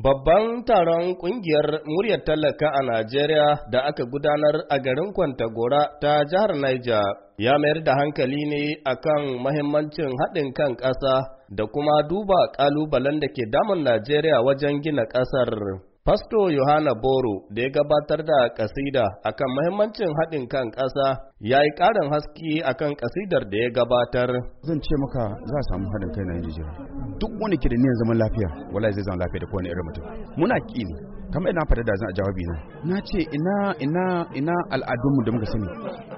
Babban taron kungiyar muryar talaka a Najeriya da aka gudanar a garin Kwantagora ta jihar Niger ya mayar da hankali ne akan mahimmancin haɗin kan ƙasa da kuma duba ƙalubalen da ke damun Najeriya wajen gina ƙasar. Fasto Yohana Boro da ya gabatar da kasida akan mahimmancin haɗin kan ƙasa ya yi ƙarin haske akan kasidar da ya gabatar. Zan ce maka za a samu haɗin kai na Nijeriya. Duk wani ke da niyan zaman lafiya, wala zai zama lafiya da kowane irin mutum. Muna ƙi ne, kamar ina faɗa da zan a jawabi na. Na ce ina ina ina al'adunmu da muka sani,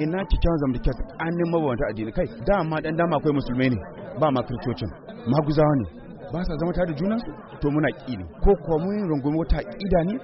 ina kyakkyawan zama da kyau tsakanin mabawanta addini kai dama ɗan dama akwai musulmai ne ba ma kiristocin maguzawa ne ba sa zama tare da juna to muna ƙi ne ko kuwa mun rungumi wata ƙida ne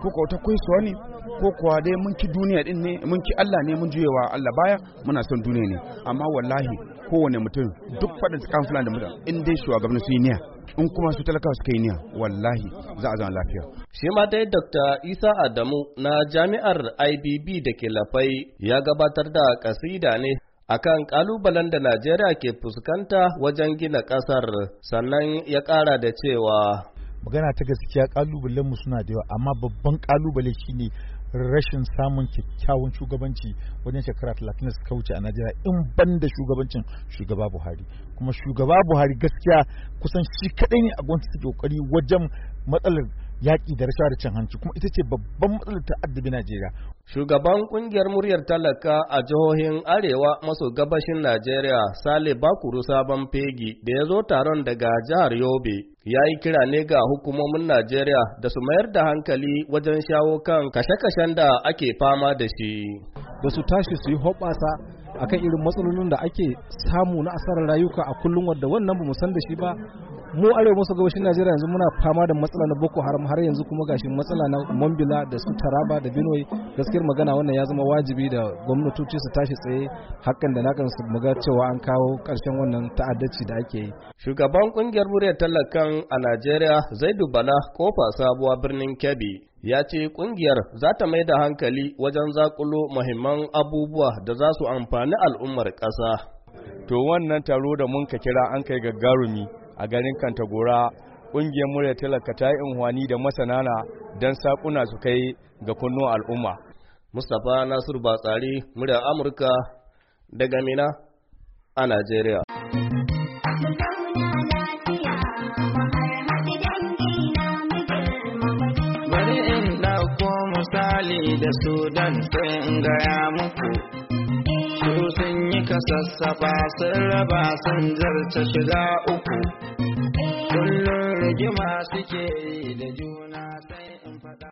ko kuwa wata kwaisuwa ne ko kuwa dai mun ki duniya din ne mun ki Allah ne mun juyewa Allah baya muna son duniya ne amma wallahi kowane mutum duk faɗin tsakan fulani da mutum in dai shugabanni su yi niyya in kuma su talakawa suka yi niyya wallahi za a zama lafiya. Shi ma dai Dr. Isa Adamu na jami'ar IBB da ke Lafai ya gabatar da kasida ne akan kalubalen da Najeriya ke fuskanta wajen gina ƙasar sannan ya ƙara da cewa magana ta gaskiya kalubalen mu suna da yawa amma babban kalubale shine rashin samun kyakkyawan shugabanci wajen shekara talatin da suka wuce a Najeriya in ban da shugabancin shugaba Buhari kuma shugaba Buhari gaskiya kusan shi kadai ne a gwamnati suke kokari wajen matsalar yaƙi da rashawa da cin hanci kuma ita ce babban matsalar addabi Najeriya. Shugaban ƙungiyar muryar talaka a jihohin Arewa maso gabashin Najeriya Sale Bakuru Sabon Fegi da ya zo taron daga jihar Yobe ya yi kira ne ga hukumomin Najeriya da su mayar da hankali wajen shawo kan kashe-kashen da ake fama da shi. Da su tashi su yi hoɓasa akan irin matsalolin da ake samu na asarar rayuka a kullum wadda wannan ba mu san da shi ba mu arewa maso gabashin najeriya yanzu muna fama da matsala na boko haram har yanzu kuma gashi matsala na mambila da su taraba da benue gaskiyar magana wannan ya zama wajibi da gwamnatoci su tashi tsaye hakan da nakan su muga cewa an kawo karshen wannan ta'addaci da ake yi shugaban kungiyar muryar talakan a najeriya zaidu bala kofa sabuwa birnin kebbi ya ce kungiyar za ta mai da hankali wajen zakulo muhimman abubuwa da za su amfani al'ummar ƙasa. to wannan taro da mun ka kira an kai gaggarumi a garin Kantagora ƙungiyar murya talaka ta yi unhwani da masana na don sakuna su kai ga kunnuwan al'umma. Mustapha Nasiru Batsari, murya Amurka daga Mina a Najeriya. misali da sudan sai gaya muku su sun yi kasassafa sun raba sun zarta shiga uku rigima suke yi da juna